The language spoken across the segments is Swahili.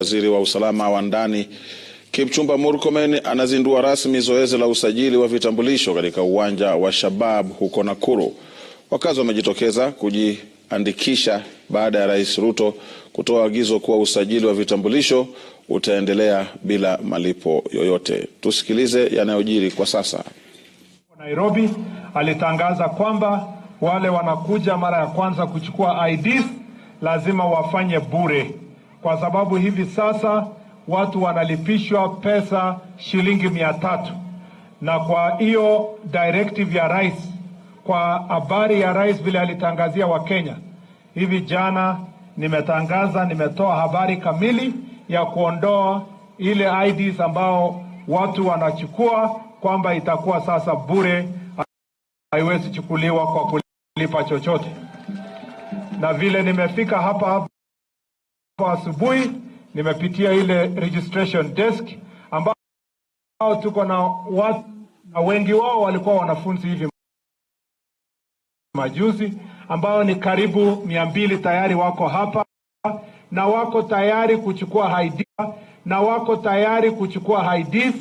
Waziri wa usalama wa ndani Kipchumba Murkomen anazindua rasmi zoezi la usajili wa vitambulisho katika uwanja wa Shabab huko Nakuru. Wakazi wamejitokeza kujiandikisha baada ya Rais Ruto kutoa agizo kuwa usajili wa vitambulisho utaendelea bila malipo yoyote. Tusikilize yanayojiri kwa sasa. Nairobi alitangaza kwamba wale wanakuja mara ya kwanza kuchukua IDs lazima wafanye bure kwa sababu hivi sasa watu wanalipishwa pesa shilingi mia tatu na kwa hiyo directive ya rais, kwa habari ya rais vile alitangazia Wakenya hivi jana, nimetangaza nimetoa habari kamili ya kuondoa ile IDs ambao watu wanachukua kwamba itakuwa sasa bure, haiwezi chukuliwa kwa kulipa chochote. Na vile nimefika hapa hapa kwa asubuhi nimepitia ile registration desk ambao tuko na watu na wengi wao walikuwa wanafunzi hivi majuzi, ambao ni karibu mia mbili tayari wako hapa na wako tayari kuchukua ID, na wako tayari kuchukua IDs.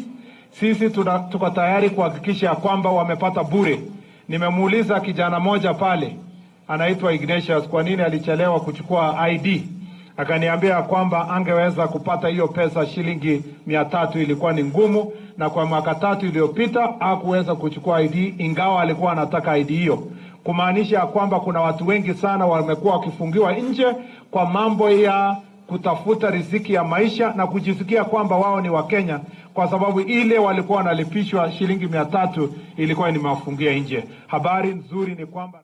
Sisi tuna, tuko tayari kuhakikisha ya kwamba wamepata bure. Nimemuuliza kijana moja pale anaitwa Ignatius kwa nini alichelewa kuchukua ID akaniambia kwamba angeweza kupata hiyo pesa shilingi mia tatu ilikuwa ni ngumu, na kwa mwaka tatu iliyopita hakuweza kuchukua ID ingawa alikuwa anataka ID hiyo, kumaanisha ya kwamba kuna watu wengi sana wamekuwa wakifungiwa nje kwa mambo ya kutafuta riziki ya maisha na kujisikia kwamba wao ni Wakenya kwa sababu ile walikuwa wanalipishwa shilingi mia tatu ilikuwa mafungia nje. Habari nzuri ni kwamba